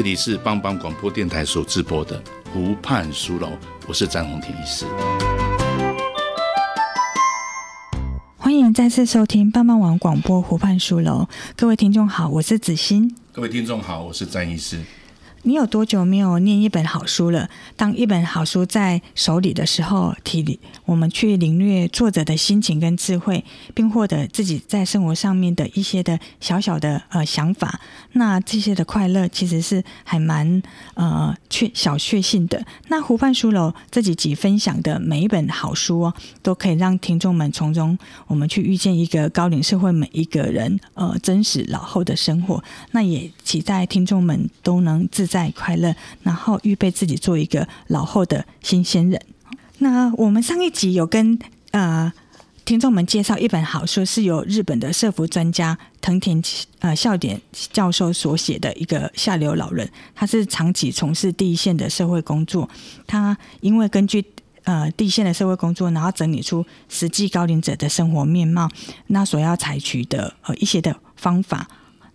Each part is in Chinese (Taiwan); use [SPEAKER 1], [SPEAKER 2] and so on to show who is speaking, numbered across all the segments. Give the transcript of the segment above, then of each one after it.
[SPEAKER 1] 這裡是幫幫廣播電台所直播的湖畔書樓，我是詹弘廷醫師。
[SPEAKER 2] 歡迎再次收聽幫幫網廣播《湖畔書樓》，各位聽眾好，我是子鑫。
[SPEAKER 1] 各位聽眾好，我是詹醫師。
[SPEAKER 2] 你有多久沒有念一本好書了？當一本好書在手裡的時候，體裡我們去領略作者的心情跟智慧，並獲得自己在生活上面的一些的小小的呃想法。那這些的快樂其實是還蠻呃缺小確幸的。那湖畔書樓這幾集分享的每一本好書哦，都可以讓聽眾們從中我們去遇見一個高齡社會每一個人呃真實老後的生活。那也期待聽眾們都能自在快樂，然後預備自己做一個老後的新鮮人。那我們上一集有跟、呃、聽眾們介紹一本好書，是由日本的社福專家藤田呃孝典教授所寫的一個下流老人。他是長期從事第一線的社會工作，他因為根據呃第一線的社會工作，然後整理出實際高齡者的生活面貌，那所要採取的呃一些的方法。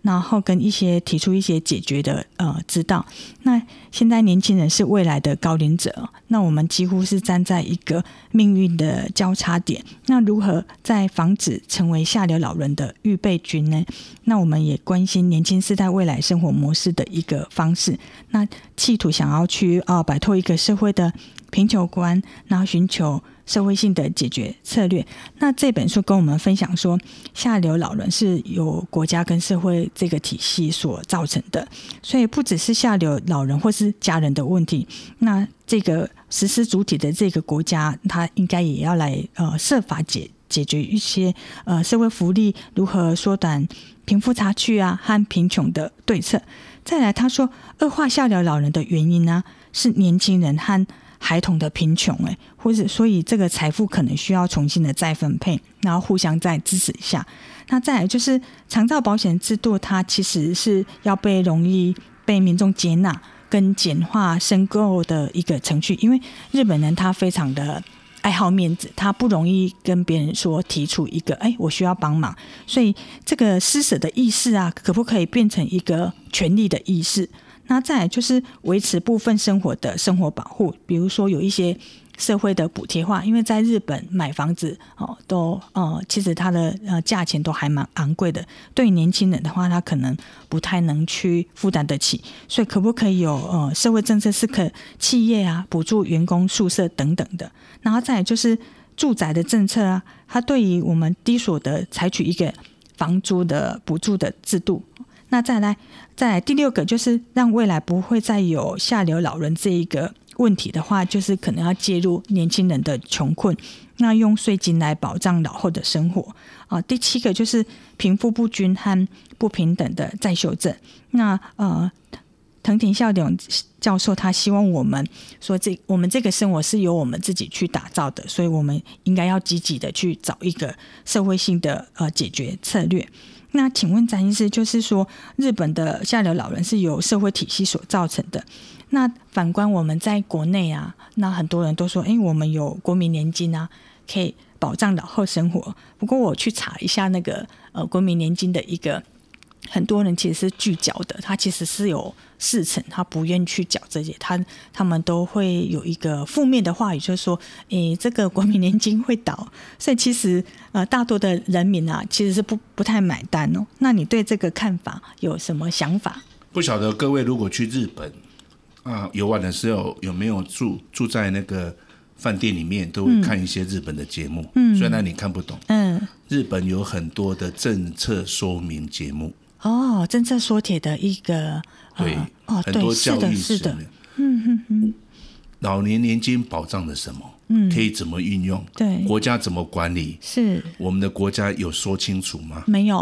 [SPEAKER 2] 然後跟一些提出一些解決的呃之道。那現在年輕人是未來的高齡者，那我們幾乎是站在一個命運的交叉點。那如何在防止成為下流老人的預備軍呢？那我們也關心年輕世代未來生活模式的一個方式。那企圖想要去啊、呃、擺脫一個社會的貧窮觀，然後尋求。社會性的解決策略。那這本書跟我們分享說，下流老人是由國家跟社會這個體系所造成的，所以不只是下流老人或是家人的問題。那這個實施主體的這個國家，他應該也要來呃設法解解決一些呃社會福利如何縮短貧富差距啊和貧窮的對策。再來，他說惡化下流老人的原因呢啊，是年輕人和孩童的貧窮、欸，或者所以這個財富可能需要重新的再分配，然後互相再支持一下。那再來就是長照保險制度，它其實是要被容易被民眾接納跟簡化申購的一個程序，因為日本人他非常的愛好面子，他不容易跟別人說提出一個，哎、欸，我需要幫忙，所以這個施捨的意識啊，可不可以變成一個權利的意識？那再就是維持部分生活的生活保護，比如說有一些社會的補貼化，因為在日本買房子哦都哦、呃，其實它的呃價錢都還蠻昂貴的，對年輕人的話，他可能不太能去負擔得起，所以可不可以有呃社會政策是可企業啊補助員工宿舍等等的，然後再就是住宅的政策啊，它對於我們低所得採取一個房租的補助的制度。那再來，再來第六個就是讓未來不會再有下流老人這一個問題的話，就是可能要介入年輕人的窮困，那用稅金來保障老後的生活啊、呃。第七個就是貧富不均和不平等的再修正。那呃，藤田孝典教授他希望我們說這，這我們這個生活是由我們自己去打造的，所以我們應該要積極的去找一個社會性的呃解決策略。那請問詹醫師，就是說日本的下流老人是由社會體系所造成的？那反觀我們在國內啊，那很多人都說，哎、欸，我們有國民年金啊，可以保障老後生活。不過我去查一下那個呃國民年金的一個，很多人其實是拒繳的，他其實是有。事情，他不願意去講。這些，他他們都會有一個負面的話語，就是說：“誒、欸，這個國民年金會倒。”所以其實呃，大多的人民啊，其實是不不太買單哦。那你對這個看法有什麼想法？
[SPEAKER 1] 不曉得各位如果去日本啊遊、呃、玩的時候，有沒有住住在那個飯店裡面，都會看一些日本的節目嗯？嗯，雖然你看不懂，嗯，日本有很多的政策說明節目。
[SPEAKER 2] 哦，政策說帖的一個。
[SPEAKER 1] 對，啊哦、對，很多教育是的，是的，
[SPEAKER 2] 嗯
[SPEAKER 1] 嗯，嗯老年年金保障的什麼？嗯，可以怎麼運用？對，國家怎麼管理？是我們的國家有說清楚嗎？
[SPEAKER 2] 沒有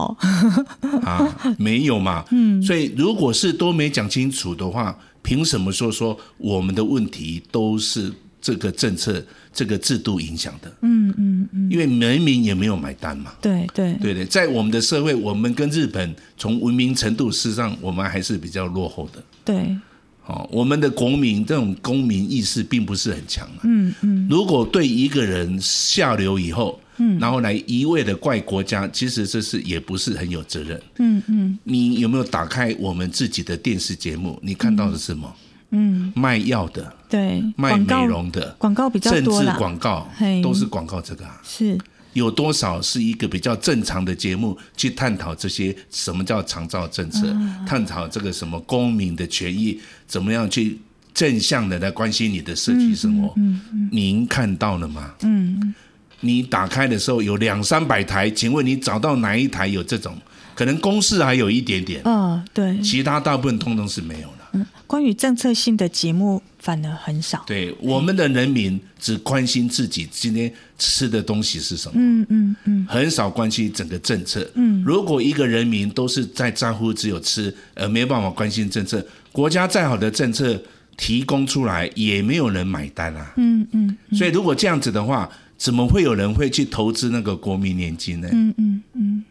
[SPEAKER 2] 啊，
[SPEAKER 1] 沒有嘛，嗯，所以如果是都沒講清楚的話，憑什麼說說我們的問題都是？這個政策，這個制度影響的，嗯嗯
[SPEAKER 3] 嗯，嗯嗯因為
[SPEAKER 1] 人民也沒有買單嘛，對對對，在我們的社會，我們跟日本從文明程度，事實上我們還是比較落後的，對，好，哦，我們的國民這種公民意識並不是很強，啊嗯，
[SPEAKER 3] 嗯嗯，
[SPEAKER 1] 如果對一個人下流以後，嗯，然後來一味的怪國家，其實這是也不是很有責任，嗯嗯，嗯你有沒有打開我們自己的電視節目？你看到了什麼？嗯，賣藥的
[SPEAKER 3] 對，賣美容
[SPEAKER 1] 的廣
[SPEAKER 2] 告比較多，政治廣
[SPEAKER 1] 告嘿都是廣告，這個啊，是有多少是一個比較正常的節目去探討這些什麼叫長照政策，呃、探討這個什麼公民的權益，怎麼樣去正向的來關心你的社區生活？嗯嗯嗯嗯、您看到了嗎？嗯，你打開的時候有兩三百台，請問你找到哪一台有這種？可能公視還有一點點啊、
[SPEAKER 2] 呃，對，其
[SPEAKER 1] 他大部分通通是沒有的。
[SPEAKER 2] 嗯，關於政策性的節目反而很少，
[SPEAKER 1] 對我們的人民只關心自己今天吃的東西是什麼，嗯嗯嗯，嗯嗯很少關心整個政策。嗯，如果一個人民都是在在乎只有吃，而沒有辦法關心政策，國家再好的政策提供出來也沒有人買單啊。嗯嗯，嗯嗯所以如果這樣子的話，怎麼會有人會去投資那個國民年金呢？嗯嗯嗯。嗯嗯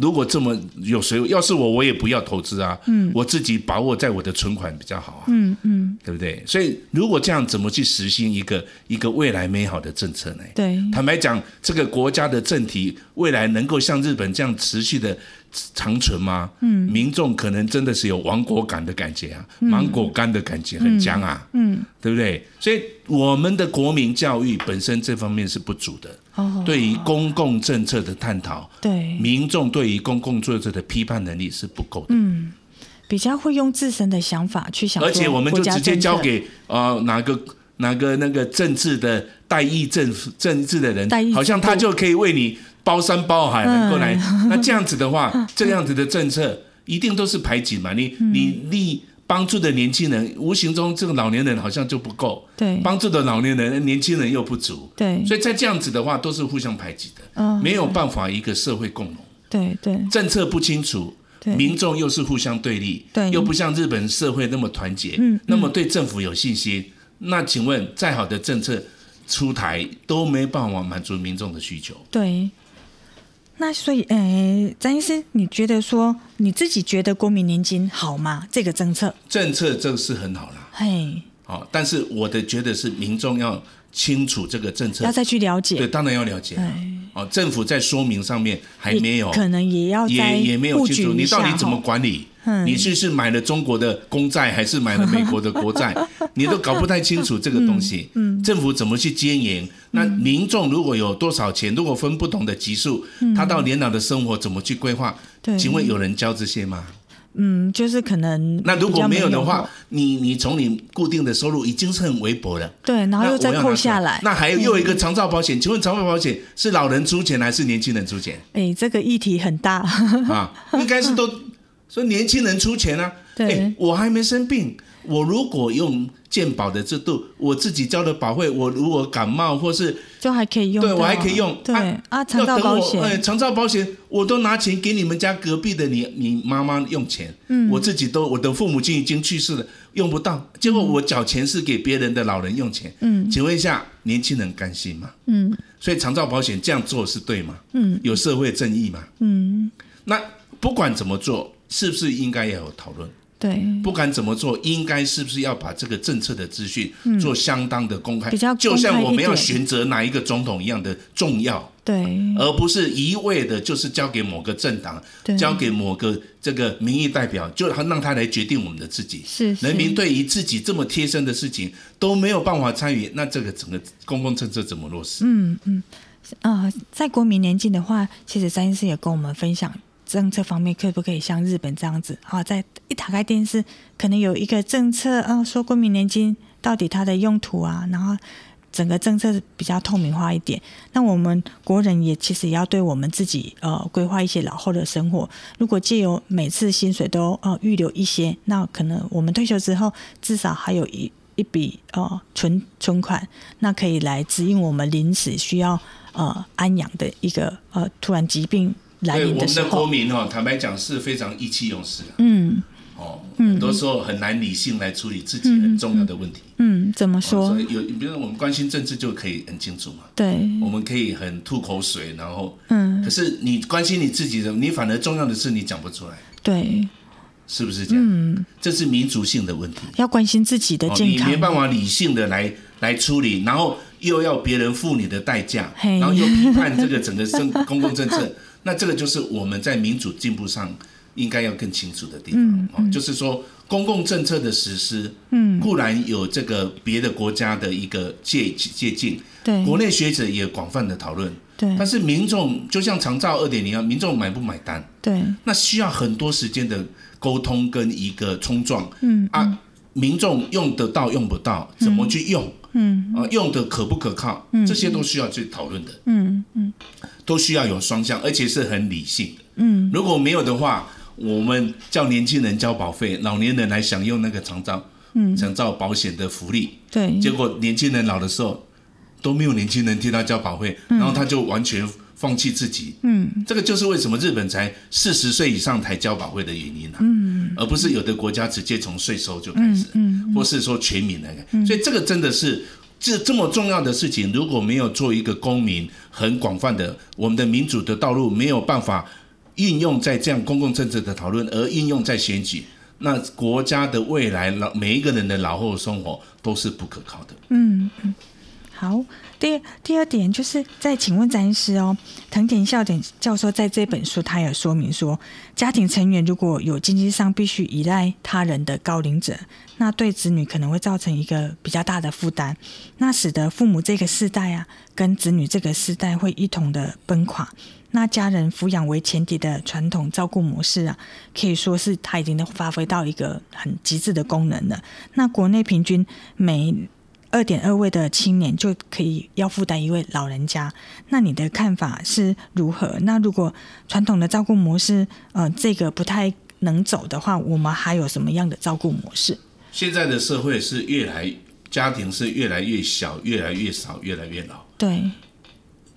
[SPEAKER 1] 如果這麼有誰，要是我，我也不要投資啊。嗯，我自己把握在我的存款比較好
[SPEAKER 3] 啊。
[SPEAKER 1] 嗯嗯，對不對？所以如果這樣，怎麼去實行一個一個未來美好的政策呢？對，坦白講，這個國家的政體未來能夠像日本這樣持續的。長存嗎？嗯，民眾可能真的是有亡國感的感覺啊，嗯、芒果乾的感覺很僵啊，嗯，嗯對不對？所以我們的國民教育本身這方面是不足的。哦，對於公共政策的探討，對，民眾對於公共政策的批判能力是不夠的。
[SPEAKER 2] 嗯，比較會用自身的想法去想，而且我們就直接交給
[SPEAKER 1] 呃哪個哪個那個政治的代議政政治的人，代義好像他就可以為你，包山包海能夠來，那這樣子的話，這樣子的政策一定都是排擠嘛，你你你幫助的年輕人，無形中這個老年人好像就不夠，
[SPEAKER 3] 對，幫
[SPEAKER 1] 助的老年人，年輕人又不足，對，所以在這樣子的話，都是互相排擠的，沒有辦法一個社會共榮。對對，政策不清楚，民眾又是互相對立，對，又不像日本社會那麼團結，嗯，那麼對政府有信心。那請問，再好的政策出台都沒辦法滿足民眾的需求，
[SPEAKER 2] 對。那所以，誒、欸，詹醫師，你覺得說，你自己覺得國民年金好嗎？這個政策？
[SPEAKER 1] 政策這個是很好啦，
[SPEAKER 2] 嘿，
[SPEAKER 1] 好，但是我的覺得是民眾要清楚這個政策，要再去
[SPEAKER 2] 了解，對，當然
[SPEAKER 1] 要了解，啊，哦嘿，政府在說明上面還沒有，可
[SPEAKER 2] 能也要也也沒有清楚，你到底怎麼
[SPEAKER 1] 管理？你是是買了中國的公債還是買了美國的國債？你都搞不太清楚這個東西。政府怎麼去經營？那民眾如果有多少錢，如果分不同的級數，他到年老的生活怎麼去規劃？對，請問有人教這些嗎？
[SPEAKER 2] 嗯，就是可能
[SPEAKER 1] 那如果沒有的話，你你從你固定的收入已經是很微薄了。
[SPEAKER 2] 對，然後又再扣下來，那還有又一個
[SPEAKER 1] 長照保險。請問長照保險是老人出錢還是年輕人出錢？哎，這個議題很大啊，應該是都。所以年輕人出錢啊對、欸，我還沒生病。我如果用健保的制度，我自己交的保費，我如果感冒或是
[SPEAKER 2] 就還可以用，對我還可以用。對啊，長照保險、欸，長
[SPEAKER 1] 照保險，我都拿錢給你們家隔壁的你你媽媽用錢。嗯，我自己都我的父母親已經去世了，用不到。結果我繳錢是給別人的老人用錢。嗯，請問一下，年輕人甘心嗎？嗯，所以長照保險這樣做是對嗎？嗯，有社會正義嗎？嗯，那不管怎麼做。是不是應該要有討論？
[SPEAKER 3] 對，不
[SPEAKER 1] 管怎麼做，應該是不是要把這個政策的資訊做相當的公開，嗯、比較公開就像我們要選擇哪一個總統一樣的重要。對、嗯，而不是一味的就是交給某個政黨，對交給某個這個民意代表，就讓他來決定我們的自己。是，是，人民對於自己這麼貼身的事情都沒有辦法參與，那這個整個公共政策怎麼落實？嗯
[SPEAKER 2] 嗯啊、呃，在國民年金的話，其實詹醫師也跟我們分享。政策方面可不可以像日本這樣子啊？在一打開電視，可能有一個政策啊，說國民年金到底它的用途啊，然後整個政策比較透明化一點。那我們國人也其實也要對我們自己呃規劃一些老後的生活。如果借由每次薪水都呃預留一些，那可能我們退休之後至少還有一一筆呃存存款，那可以來指引我們臨時需要呃安養的一個呃突然疾病。對我
[SPEAKER 1] 們的國民的坦白講是非常意氣用事，嗯，
[SPEAKER 2] 哦，嗯、很多時候
[SPEAKER 1] 很難理性來處理自己很重要的問題，嗯，嗯，嗯，怎麼說？哦、有，比如說我們關心政治就可以很清楚嘛，對，我們可以很吐口水，然後，嗯，可是你關心你自己的，的你反而重要的事你講不出來，
[SPEAKER 2] 對、嗯，是不是這樣？
[SPEAKER 1] 嗯，這是民族性的問題，
[SPEAKER 2] 要關心自己的健康，哦、你沒辦法理
[SPEAKER 1] 性的來來處理，然後。又要別人付你的代價，然後又批判這個整個公共政策， 那這個就是我們在民主進步上應該要更清楚的地方哦。嗯嗯、就是說，公共政策的實施，
[SPEAKER 3] 嗯，固然
[SPEAKER 1] 有這個別的國家的一個借借鏡，對國內學者也廣泛的討論，對。但是民眾就像長照二點零啊，民眾買不買單？對。那需要很多時間的溝通跟一個衝撞。嗯，嗯啊，民眾用得到用不到，怎麼去用？嗯嗯，啊，用的可不可靠？嗯、這些都需要去討論的。嗯嗯，嗯都需要有雙向，而且是很理性的。嗯，如果沒有的話，我們叫年輕人交保費，老年人來享用那個長照，嗯，長照保險的福利。對，結果年輕人老的時候都沒有年輕人替他交保費，嗯、然後他就完全。放棄自己，嗯，這個就是為什麼日本才四十歲以上才交保費的原因，啊、嗯，而不是有的國家直接從稅收就開始，嗯，嗯或是說全民來，嗯、所以這個真的是這這麼重要的事情，如果沒有做一個公民很廣泛的，我們的民主的道路沒有辦法應用在這樣公共政策的討論，而應用在選舉，那國家的未來老每一個人的老後生活都是不可靠的，嗯。
[SPEAKER 2] 好，第二第二點就是再請問詹醫師哦，藤田孝典教授在這本書他也說明說，家庭成員如果有經濟上必須依賴他人的高齡者，那對子女可能會造成一個比較大的負擔，那使得父母這個世代啊，跟子女這個世代會一同的崩垮，那家人撫養為前提的傳統照顧模式啊，可以說是他已經發揮到一個很極致的功能了。那國內平均每二點二位的青年就可以要負擔一位老人家，那你的看法是如何？那如果傳統的照顧模式，呃，這個不太能走的話，我們還有什麼樣的照顧模式？
[SPEAKER 1] 現在的社會是越來家庭是越來越小，越來越少，越來越老。對，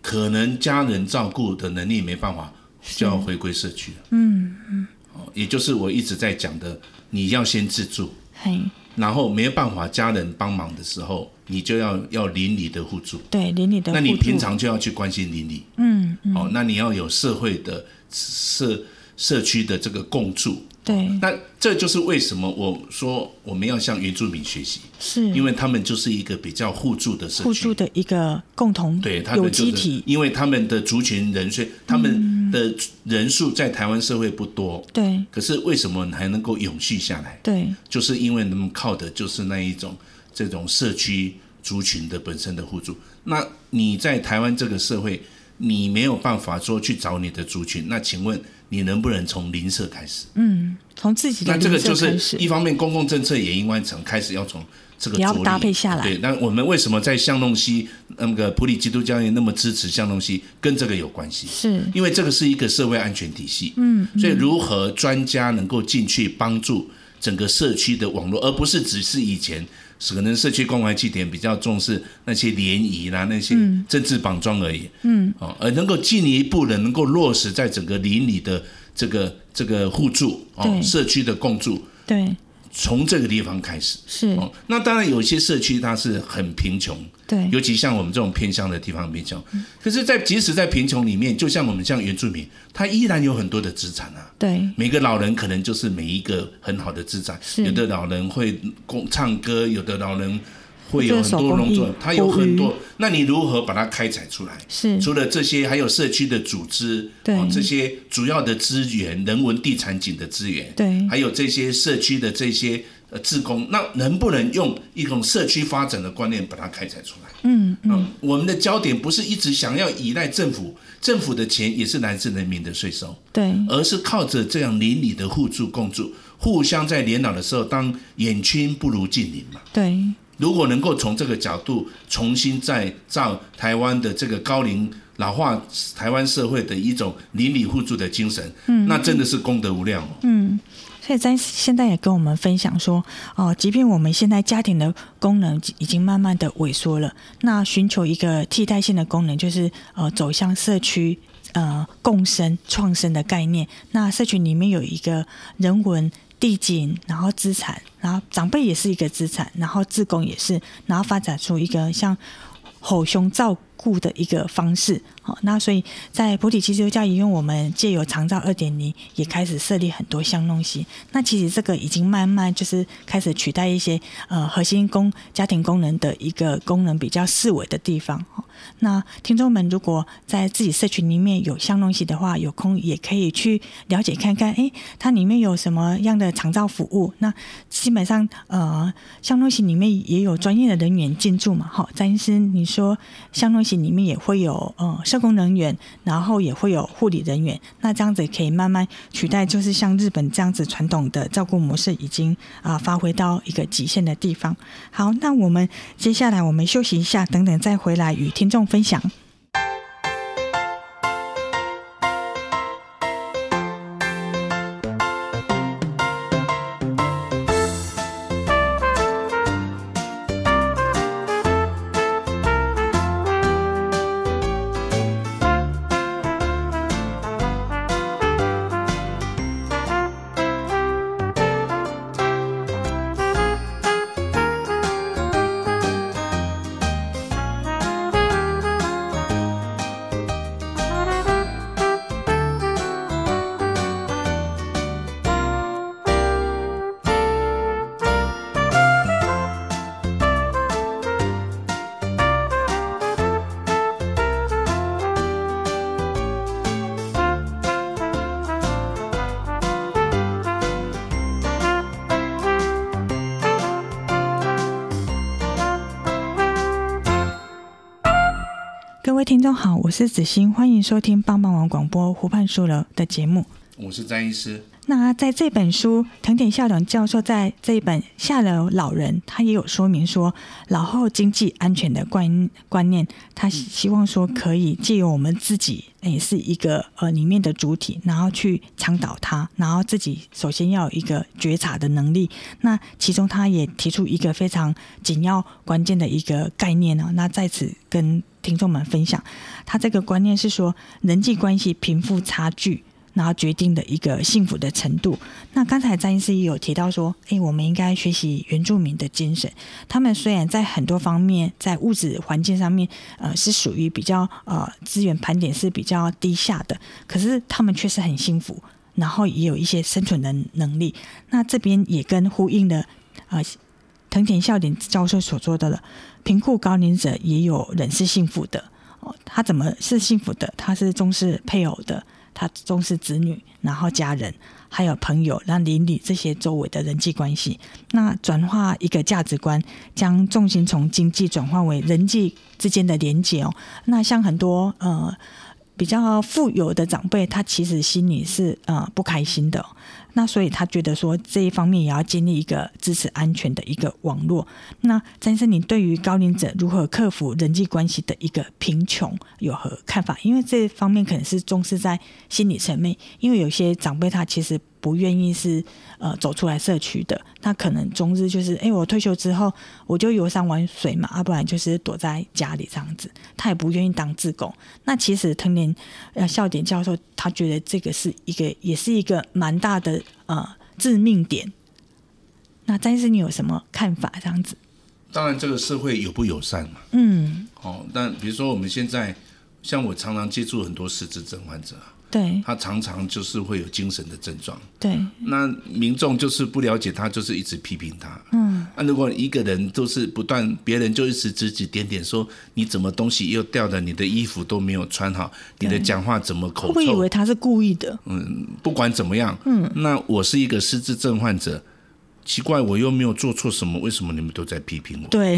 [SPEAKER 1] 可能家人照顧的能力沒辦法，是就要回歸社區
[SPEAKER 3] 了。
[SPEAKER 1] 嗯嗯，也就是我一直在講的，你要先自助。嘿。然後沒有辦法家人幫忙的時候，你就要要鄰里的互助。
[SPEAKER 2] 對，鄰里的互助。那你平常
[SPEAKER 1] 就要去關心鄰里。嗯。好，嗯，哦，那你要有社會的社社區的這個共助。對，那這就是為什麼我說我們要向原住民學習，是，因為他們就是一個比較互助的社區，互助
[SPEAKER 2] 的一個共同體，對，他們就是，
[SPEAKER 1] 因為他們的族群人數，嗯、他們的人數在台灣社會不多，對，可是為什麼還能夠永續下來？對，就是因為他們靠的就是那一種這種社區族群的本身的互助。那你在台灣這個社會，你沒有辦法說去找你的族群，那請問？你能不能從鄰舍開始？嗯，
[SPEAKER 3] 從自己的。那這個就是
[SPEAKER 1] 一方面公共政策也應萬成，開始要從這個要搭配下來。對，那我們為什麼在香農西那個埔里基督教醫院那麼支持香農西？跟這個有關係，是因為這個是一個社會安全體系。嗯，嗯，所以如何專家能夠進去幫助整個社區的網絡，而不是只是以前。是可能社區關懷據點比較重視那些聯誼啦，那些政治綁樁而已。嗯，哦、嗯，而能夠進一步的能夠落實在整個鄰里的這個這個互助，哦對，社區的共助。對。從這個地方開始，是。那當然，有些社區它是很貧窮，對。尤其像我們這種偏鄉的地方很貧窮。嗯。可是，在即使在貧窮裡面，就像我們像原住民，他依然有很多的資產啊。對。每個老人可能就是每一個很好的資產。是。有的老人會唱歌，有的老人。會有很多農作，它有很多，那你如何把它開採出來？是除了這些，還有社區的組織，對、哦、這些主要的資源、人文、地產景的資源，對，還有這些社區的這些呃志工，那能不能用一種社區發展的觀念把它開採出來？嗯嗯，嗯，我們的焦點不是一直想要依賴政府，政府的錢也是來自人民的稅收，對，而是靠着這樣鄰里的互助共助，互相在年老的時候，當遠親不如近鄰嘛，對。如果能夠從這個角度重新再造台灣的這個高齡老化台灣社會的一種鄰里互助的精神，嗯嗯、那真的是功德無量哦。
[SPEAKER 2] 嗯，所以在現在也跟我們分享說，哦、呃，即便我們現在家庭的功能已經慢慢的萎縮了，那尋求一個替代性的功能，就是呃走向社區呃共生創生的概念。那社區裡面有一個人文地景，然後資產。然後長輩也是一個資產，然後自工也是，然後發展出一個像吼兄照顧顧的一個方式，好，那所以在埔基基督教醫院我們借由長照二點零也開始設立很多巷弄 C，那其實這個已經慢慢就是開始取代一些呃核心功、家庭功能的一個功能比較式微的地方。那聽眾們如果在自己社群裡面有巷弄 C 的話，有空也可以去了解看看，哎、欸，它裡面有什麼樣的長照服務？那基本上呃，巷弄 C 裡面也有專業的人員進駐嘛，好，詹醫生你說巷弄 C。裡面也會有呃、嗯、社工人員，然後也會有護理人員，那這樣子也可以慢慢取代，就是像日本這樣子傳統的照顧模式，已經啊發揮到一個極限的地方。好，那我們接下來我們休息一下，等等再回來與聽眾分享。各位聽眾好，我是子鑫，歡迎收聽《幫幫廣播網》湖畔書樓的節目。
[SPEAKER 1] 我是詹醫師。
[SPEAKER 2] 那在這本書，藤田孝典教授在這一本《下流老人》，他也有說明說老後經濟安全的觀觀念，他希望說可以借由我們自己也、欸、是一個呃裡面的主體，然後去倡導他，然後自己首先要有一個覺察的能力。那其中他也提出一個非常緊要關鍵的一個概念呢、啊。那在此跟聽眾們分享，他這個觀念是說人際關係、貧富差距，然後決定的一個幸福的程度。那剛才詹醫師也有提到說，誒，我們應該學習原住民的精神。他們雖然在很多方面，在物質環境上面，呃，是屬於比較呃資源盤點是比較低下的，可是他們卻是很幸福，然後也有一些生存的能力。那這邊也跟呼應的，呃。藤田孝典教授所做的了，貧困高齡者也有人是幸福的哦。他怎麼是幸福的？他是重視配偶的，他重視子女，然後家人，還有朋友，讓鄰里這些周圍的人際關係，那轉化一個價值觀，將重心從經濟轉化為人際之間的連接。哦。那像很多呃比較富有的長輩，他其實心裡是呃不開心的。那所以他覺得說，這一方面也要建立一個支持安全的一個網絡。那曾先生，你對於高齡者如何克服人際關係的一個貧窮有何看法？因為這方面可能是重視在心理層面，因為有些長輩他其實不願意是呃走出來社區的，他可能終日就是哎、欸、我退休之後我就遊山玩水嘛，要、啊、不然就是躲在家裡這樣子，他也不願意當志工。那其實藤田呃孝典教授他覺得這個是一個也是一個蠻大的。呃，致命點。那詹醫師你有什麼看法？這樣子？
[SPEAKER 1] 當然，這個社會友不友善嘛？嗯。哦，但比如說，我們現在像我常常接觸很多失智症患者。對，他常常就是會有精神的症狀。對，那民眾就是不了解他，就是一直批評他。嗯，那、啊、如果一個人都是不斷，別人就一直指指點點說，你怎麼東西又掉了，你的衣服都沒有穿好，對你的講話怎麼口臭？會以
[SPEAKER 2] 為他是故意的。
[SPEAKER 1] 嗯，不管怎麼樣，嗯，那我是一個失智症患者。奇怪，我又沒有做錯什麼，為什麼你們都在批評我？對，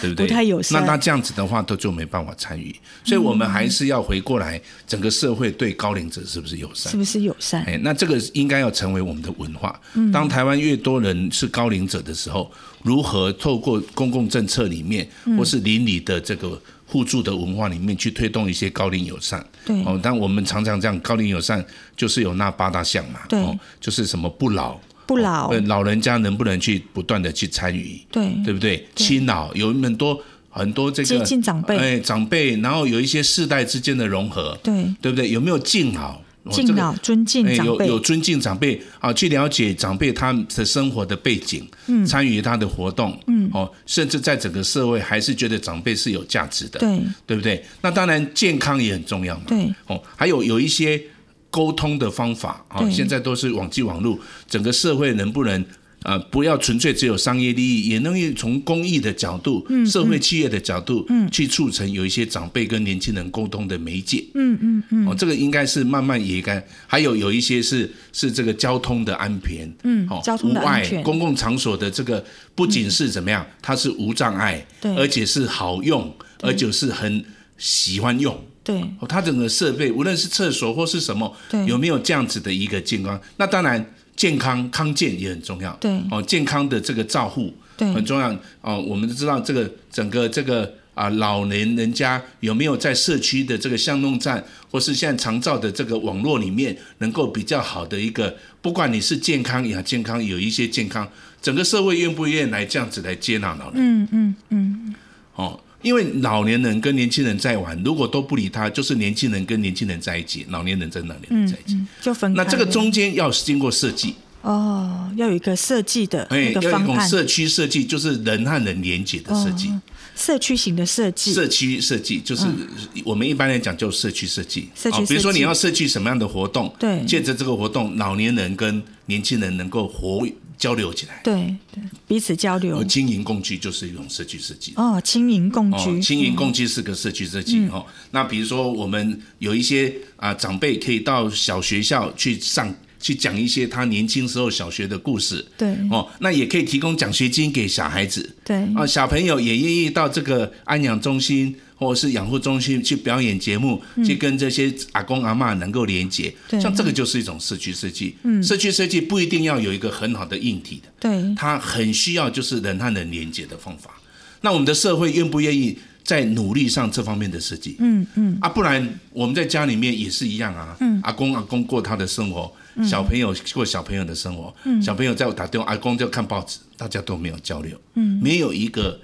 [SPEAKER 1] 對不對？不太友善。那他這樣子的話，他就沒辦法參與。所以我們還是要回過來，整個社會對高齡者是不是友善？是不是友善，哎？那這個應該要成為我們的文化。當台灣越多人是高齡者的時候，嗯、如何透過公共政策裡面，嗯、或是鄰里的這個互助的文化裡面，去推動一些高齡友善？對、哦。但我們常常講這樣高齡友善，就是有那八大項嘛。對、哦。就是什麼不老。不老，對老人家能不能去不斷的去參與？對、對不對。親老，有很多很多這個接近長輩哎，長輩，然後有一些世代之間的融合，對、對不對。有沒有敬老，敬老，
[SPEAKER 2] 尊敬長輩，有，有
[SPEAKER 1] 尊敬長輩啊，去了解長輩他的生活的背景，嗯、參與他的活動，嗯、哦，甚至在整個社會還是覺得長輩是有價值的，對、對不對。那當然健康也很重要嘛，對、哦，還有有一些。溝通的方法啊，對現在都是網際網路，整個社會能不能呃，不要純粹只有商業利益，也能從公益的角度，嗯嗯、社會企業的角度，嗯、去促成有一些長輩跟年輕人溝通的媒介。嗯嗯嗯，哦、嗯，嗯、這個應該是慢慢也應該。還有有一些是是這個交通的安全，嗯，哦，交通的安全，公共場所的這個不僅是怎麼樣，嗯、它是無障礙，對而且是好用，對而且是很喜歡用。對，哦，他整個設備，無論是廁所或是什麼，對，有沒有這樣子的一個健康？那當然，健康康健也很重要，對，哦，健康的這個照護對很重要對哦，我們都知道，這個整個這個啊、呃，老年人家有沒有在社區的這個巷弄站，或是現在長照的這個網絡裡面，能夠比較好的一個，不管你是健康也健康，有一些健康，整個社會願不願意來這樣子來接納老人？
[SPEAKER 3] 嗯嗯
[SPEAKER 1] 嗯，嗯嗯哦。因為老年人跟年輕人在玩，如果都不理他，就是年輕人跟年輕人在一起，老年人跟老
[SPEAKER 2] 年人在一起，嗯嗯、就分開。那這個中間
[SPEAKER 1] 要經過設計
[SPEAKER 2] 哦，要有一個設計的對一個方案。要有一種社區
[SPEAKER 1] 設計就是人和人連接的設
[SPEAKER 2] 計，哦、社區型的設計，社區
[SPEAKER 1] 設計就是、嗯、我們一般來講叫社區設計，社區設計、哦。比如說你要設計什麼樣的活動，借對着這個活動，老年人跟年輕人能夠活。交流起來。
[SPEAKER 2] 對，對，彼此交流。
[SPEAKER 1] 經營共居就是一種社區設計
[SPEAKER 2] 哦，經營共居，經營、哦、共居
[SPEAKER 1] 是個社區設計哦。那比如說，我們有一些啊、呃、長輩可以到小學校去上，去講一些他年輕時候小學的故事。對哦，那也可以提供獎學金給小孩子。對、哦、小朋友也願意到這個安養中心。或者是養護中心去表演節目，嗯、去跟這些阿公阿嬤，能夠連接，對像這個就是一種社區設計。嗯，社區設計不一定要有一個很好的硬體的，對，它很需要就是人和人連接的方法。那我們的社會願不願意在努力上這方面的設計、嗯？嗯嗯。啊，不然我們在家裡面也是一樣啊。阿、嗯啊、公阿、啊、公過他的生活，嗯、小朋友過小朋友的生活，嗯、小朋友在打電話，阿、啊、公就看報紙，大家都沒有交流。嗯，沒有一個。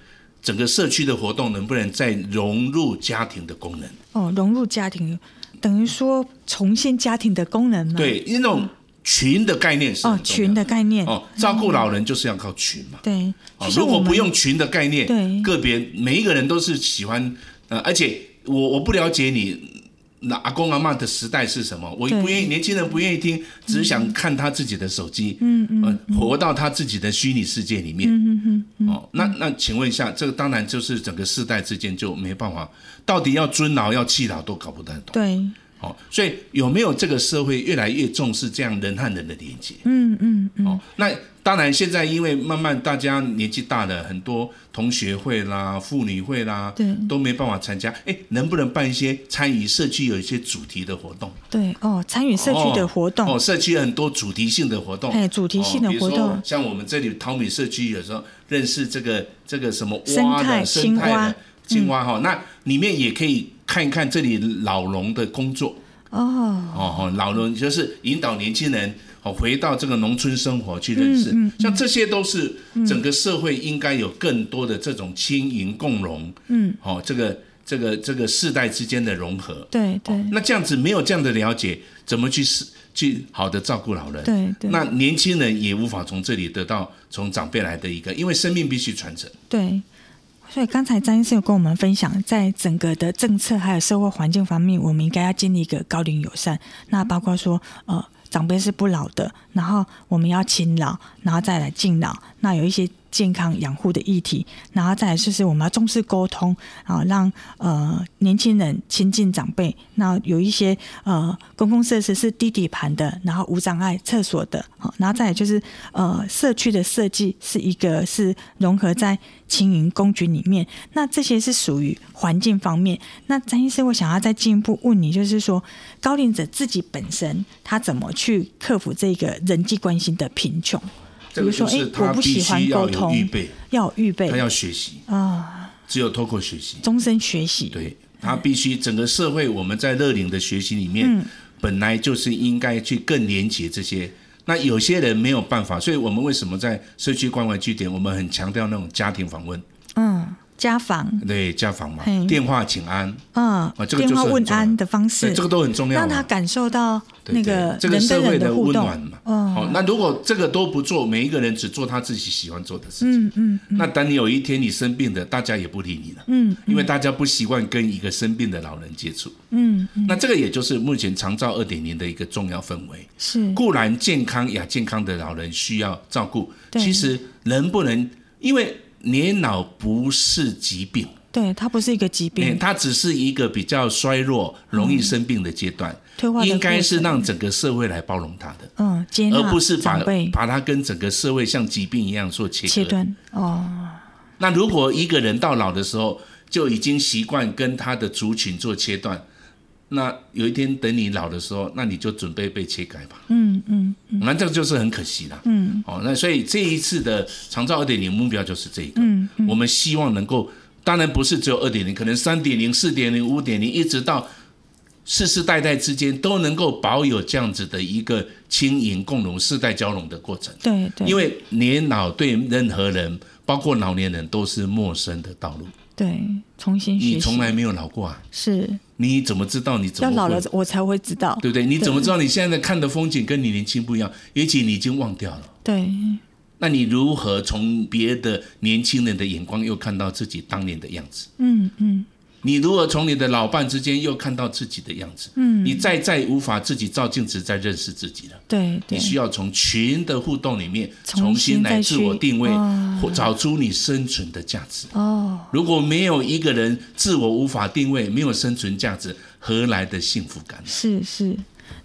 [SPEAKER 1] 整個社區的活動能不能再融入家庭的功能？
[SPEAKER 2] 哦，融入家庭等於說重現家庭的功能嘛？對，因為那種
[SPEAKER 1] 群的概念是哦，群的概念哦，照顧老人就是要靠群嘛？
[SPEAKER 2] 嗯、對、哦，如果不用
[SPEAKER 1] 群的概念，對，個別每一個人都是喜歡、呃、而且我我不了解你。那阿公阿媽的時代是什麼？我不願意，對年輕人不願意聽，只想看他自己的手機，嗯，嗯嗯，呃，活到他自己的虛擬世界裡面，嗯嗯嗯。嗯嗯嗯哦，那那請問一下，這個當然就是整個世代之間就沒辦法，到底要尊老要棄老都搞不太懂，對。哦，所以有沒有這個社會越來越重視這樣人和人的連接，嗯？嗯嗯哦，那當然，現在因為慢慢大家年紀大了，很多同學會啦、婦女會啦，對，都沒辦法參加。哎，欸，能不能辦一些參與社區有一些主題的活動？
[SPEAKER 2] 對，哦，參與社區的活動。哦，哦，
[SPEAKER 1] 社區很多主題性的活動。哎，主題性的活動。哦，比如說像我們這裡桃米社區有時候認識這個這個什麼蛙的生態態的青，花青蛙哈，嗯，那裡面也可以。看一看這裡老農的工作
[SPEAKER 3] 哦哦
[SPEAKER 1] ，oh, 老農就是引導年輕人哦回到這個農村生活去認識，嗯嗯嗯、像這些都是整個社會應該有更多的這種青銀共融，嗯，哦這個這個這個世代之間的融合，對對，對那這樣子沒有這樣的了解，怎麼去是去好的照顧老人？對對，對那年輕人也無法從這裡得到從長輩來的一個，因為生命必須傳承，
[SPEAKER 2] 對。所以剛才詹醫師有跟我們分享，在整個的政策還有社會環境方面，我們應該要建立一個高齡友善。那包括說，呃，長輩是不老的，然後我們要親老，然後再來敬老。那有一些。健康養護的議題，然後再來就是我們要重視溝通啊，讓呃年輕人親近長輩。那有一些呃公共設施是低底盤的，然後無障礙廁所的。好，然後再來就是呃社區的設計是一個是融合在輕盈工具裡面。那這些是屬於環境方面。那詹醫師，我想要再進一步問你，就是說高齡者自己本身他怎麼去克服這個人際關係的貧窮？這個就是他必須要有預備，
[SPEAKER 1] 要預備，他要學習
[SPEAKER 2] 啊，
[SPEAKER 1] 哦、只有透過學習，終身學習。對，他必須整個社會，我們在樂齡的學習裡面，嗯、本來就是應該去更連接這些。嗯、那有些人沒有辦法，所以我們為什麼在社區關懷據點，我們很強調那種家庭訪問？嗯。
[SPEAKER 2] 家訪，
[SPEAKER 1] 對，家訪嘛，電話請安
[SPEAKER 2] 啊，這個就是問安的方式，這個都很重要，讓他感受到那個這個社會的溫暖嘛。哦，
[SPEAKER 1] 那如果這個都不做，每一個人只做他自己喜歡做的事情，嗯，那當你有一天你生病的，大家也不理你了，嗯，因為大家不習慣跟一個生病的老人接觸，嗯，那這個也就是目前長照二點零的一個重要氛圍。是固然健康呀，健康的老人需要照顧，對，其實能不能因為。年老不是疾病，對，它不是一個疾病，它、欸、只是一個比較衰弱、容易生病的階段，嗯、應該是讓整個社會來包容它的，
[SPEAKER 3] 嗯，接納，而不是把輩把
[SPEAKER 1] 它跟整個社會像疾病一樣做切,切斷。哦。那如果一個人到老的時候，就已經習慣跟他的族群做切斷。那有一天等你老的時候，那你就準備被切改吧。嗯
[SPEAKER 3] 嗯，嗯嗯，那
[SPEAKER 1] 這個就是很可惜
[SPEAKER 3] 了。
[SPEAKER 1] 嗯，哦，那所以這一次的長照二點零目標就是這個。嗯，嗯，我們希望能夠，當然不是只有二點零，可能三點零、四點零、五點零，一直到世世代代、代之間都能夠保有這樣子的一個青銀共融、世代交融的過程。
[SPEAKER 3] 對對，對因為
[SPEAKER 1] 年老對任何人，包括老年人，都是陌生的道路。
[SPEAKER 2] 對，重新學習，你從來
[SPEAKER 1] 沒有老過啊？是。你怎麼知道？你怎麼老了，
[SPEAKER 2] 我才會知道，對不對？
[SPEAKER 1] 你怎麼知道你現在看的風景跟你年輕不一樣？也許你已經忘掉了。對，那你如何從別的年輕人的眼光又看到自己當年的樣子？嗯
[SPEAKER 3] 嗯。
[SPEAKER 1] 你如果從你的老伴之間又看到自己的樣子，嗯，你再再無法自己照鏡子再認識自己了，
[SPEAKER 3] 對，對。你需要
[SPEAKER 1] 從群的互動裡面重新來自我定位，或找出你生存的價值。
[SPEAKER 2] 哦，
[SPEAKER 1] 如果沒有一個人自我無法定位，沒有生存價值，何來的幸福感
[SPEAKER 2] 呢？是是。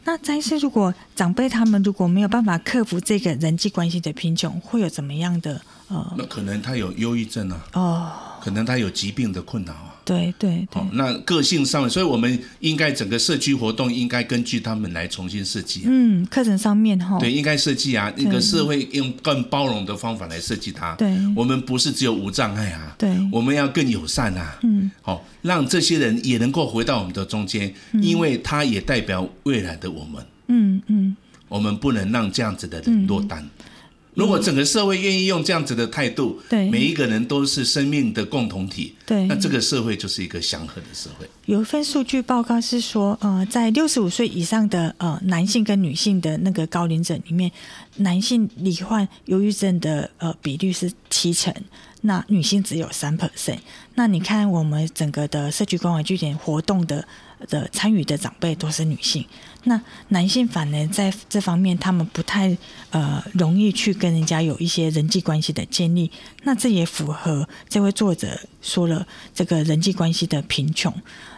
[SPEAKER 2] 那但是，如果長輩他們如果沒有辦法克服這個人際關係的貧窮，會有怎麼樣
[SPEAKER 1] 的呃？那可能他有憂鬱症啊，哦，可能他有疾病的困擾、啊。對對好，對那個性上面，所以我們應該整個社區活動應該根據他們來重新設計、啊。
[SPEAKER 2] 嗯，課程上面哈、哦，對，應
[SPEAKER 1] 該設計啊，對一個社會用更包容的方法來設計它。對，我們不是只有無障礙啊，對，我們要更友善啊，嗯，好、哦，讓這些人也能夠回到我們的中間，嗯、因為他也代表未來的我們，嗯
[SPEAKER 3] 嗯，嗯
[SPEAKER 1] 我們不能讓這樣子的人落單。嗯如果整個社會願意用這樣子的態度，對每一個人都是生命的共同體，對，對，那這個社會就是一個祥和的社會。
[SPEAKER 2] 有一份數據報告是說，呃，在六十五歲以上的呃男性跟女性的那個高齡者裡面，男性罹患憂鬱症的呃比率是七成，那女性只有三 percent。那你看我們整個的社區關懷據點活動的。的參與的長輩都是女性，那男性反而在這方面他們不太呃容易去跟人家有一些人際關係的建立，那這也符合這位作者說了這個人際關係的貧窮。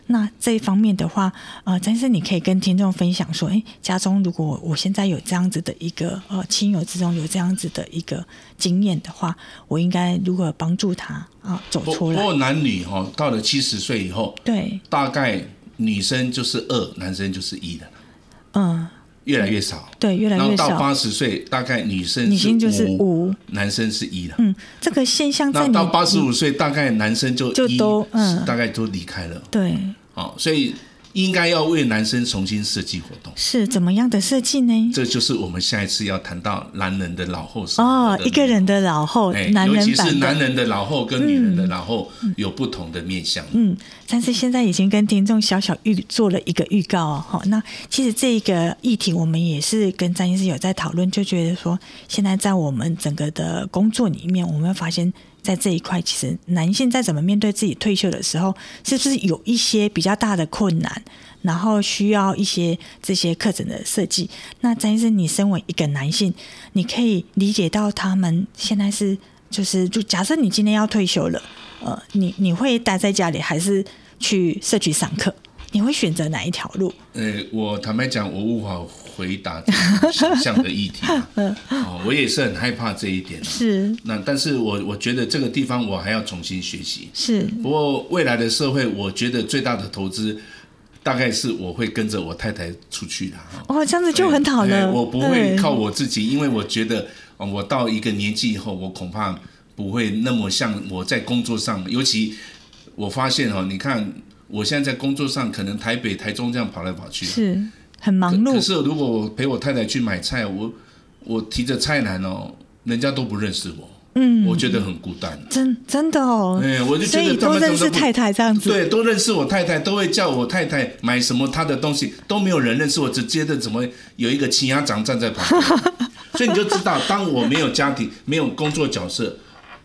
[SPEAKER 2] 那這一方面的話，呃，但是你可以跟聽眾分享說，哎、欸，家中如果我現在有這樣子的一個呃親友之中有這樣子的一個經驗的話，我應該如何幫助他啊走出來？不論男
[SPEAKER 1] 女哈、哦，到了七十歲以後，對，大概。女生就是二，男生就是一了，嗯，越來越少，
[SPEAKER 2] 對，越來越少。然後到
[SPEAKER 1] 八十歲，大概女生是五，女就是五，男生是一
[SPEAKER 2] 了。嗯，這個現象。那到八十五
[SPEAKER 1] 歲，你大概男生就一，就都嗯，大概都離開了。對，好，所以。應該要為男生重新設計活動，是
[SPEAKER 2] 怎麼樣的設計呢？
[SPEAKER 1] 這就是我們下一次要談到男人的老後生哦，一個
[SPEAKER 2] 人的老後，哎，男人版的，尤其是男
[SPEAKER 1] 人的老後跟女人的老後有不同的面向、嗯
[SPEAKER 2] 嗯。嗯，但是現在已經跟聽眾小小預做了一個預告。哦，嗯、那其實這個議題我們也是跟詹醫師有在討論，就覺得說現在在我們整個的工作裡面，我們有有發現。在這一塊，其實男性在怎麼面對自己退休的時候，是不是有一些比較大的困難？然後需要一些這些課程的設計。那詹醫師，你身為一個男性，你可以理解到他們現在是就是，就假設你今天要退休了，呃，你你會待在家裡，還是去社區上課？你會選擇哪一條路？
[SPEAKER 1] 呃，我坦白講，我無法回答這樣想像的議題、
[SPEAKER 2] 啊。嗯， 哦，
[SPEAKER 1] 我也是很害怕這一點、啊。是。那，但是我我覺得這個地方我還要重新學習。是、嗯。不過未來的社會，我覺得最大的投資，大概是我會跟着我太太出去的
[SPEAKER 2] 哈、哦。這樣子就很討厭。我不會靠我
[SPEAKER 1] 自己，對因為我覺得我到一個年紀以後，我恐怕不會那麼像我在工作上，尤其我發現哈、哦，你看。我現在在工作上，可能台北、台中這樣跑來跑去、啊，是很忙碌可。可是如果我陪我太太去買菜，我我提着菜籃哦，人家都不認識我，嗯，我覺得很孤單。
[SPEAKER 2] 真真的哦，哎、欸，我就覺得，所以都認識都太太這樣子，對，都
[SPEAKER 1] 認識我太太，都會叫我太太買什麼她的東西，都沒有人認識我，直接的怎麼有一個親家長站在旁邊， 所以你就知道，當我沒有家庭，沒有工作角色。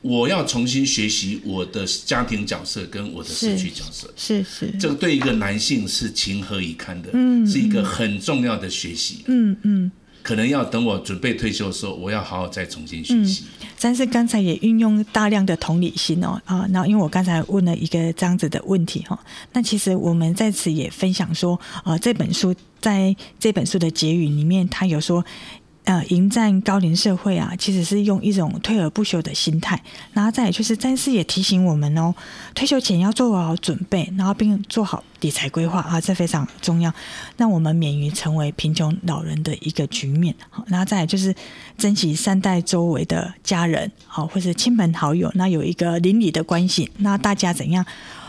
[SPEAKER 1] 我要重新學習我的家庭角色跟我的社區角色是，是是，這個對一個男性是情何以堪的。嗯，是一個很重要的學習、
[SPEAKER 2] 嗯，嗯嗯，
[SPEAKER 1] 可能要等我準備退休的時候，我要好好再重新學習、
[SPEAKER 2] 嗯。但是剛才也運用大量的同理心哦，啊，那因為我剛才問了一個這樣子的問題哈、哦，那其實我們在此也分享說，啊、呃，這本書，在這本書的結語裡面，他有說。呃，迎戰高齡社會啊，其實是用一種退而不休的心態。然後再來就是，詹醫師也提醒我們哦，退休前要做好準備，然後並做好理財規劃啊，這非常重要，讓我們免於成為貧窮老人的一個局面。好，然後再來就是，珍惜善待周圍的家人，好、啊、或是親朋好友，那有一個鄰里的關係，那大家怎樣？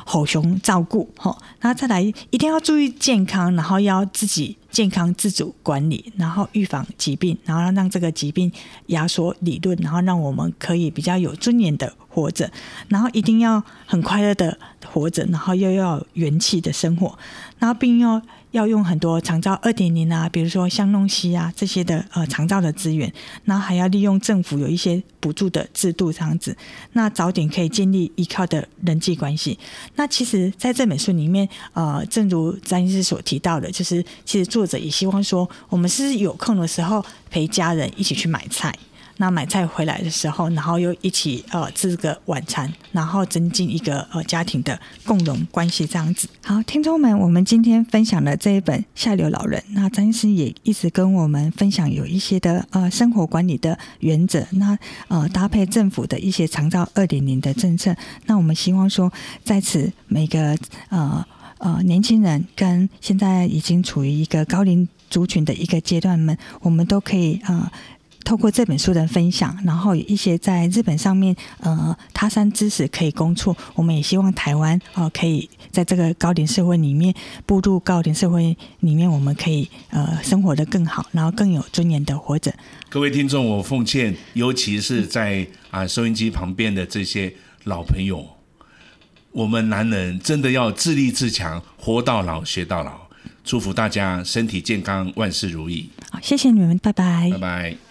[SPEAKER 2] 吼熊照顧吼，然後再來一定要注意健康，然後要自己健康自主管理，然後預防疾病，然後讓這個疾病壓縮理論，然後讓我們可以比較有尊嚴的活着，然後一定要很快樂的活着，然後又要有元氣的生活，然後並要。要用很多長照二點零啊，比如說巷弄 C 啊這些的呃長照的資源，然後還要利用政府有一些補助的制度這樣子，那早點可以建立依靠的人際關係。那其實在這本書裡面，呃，正如詹醫師所提到的，就是其實作者也希望說，我們是有空的時候陪家人一起去買菜。那買菜回來的時候，然後又一起呃吃個晚餐，然後增進一個呃家庭的共融關係這樣子。好，聽眾們，我們今天分享的這一本《下流老人》，那詹醫師也一直跟我們分享有一些的呃生活管理的原則。那呃搭配政府的一些長照二點零的政策，那我們希望說，在此每個呃呃年輕人跟現在已經處於一個高齡族群的一個階段們，我們都可以啊。呃透過這本書的分享，然後有一些在日本上面呃他山之石可以攻錯，我們也希望台灣啊、呃、可以在這個高齡社會裡面步入高齡社會裡面，裡面我們可以呃生活得更好，然後更有尊嚴的活
[SPEAKER 1] 着。各位聽眾，我奉勸，尤其是在啊收音機旁邊的這些老朋友，我們男人真的要自立自強，活到老學到老。祝福大家身體健康，萬事如意。
[SPEAKER 2] 好，謝謝你們，拜拜，
[SPEAKER 1] 拜拜。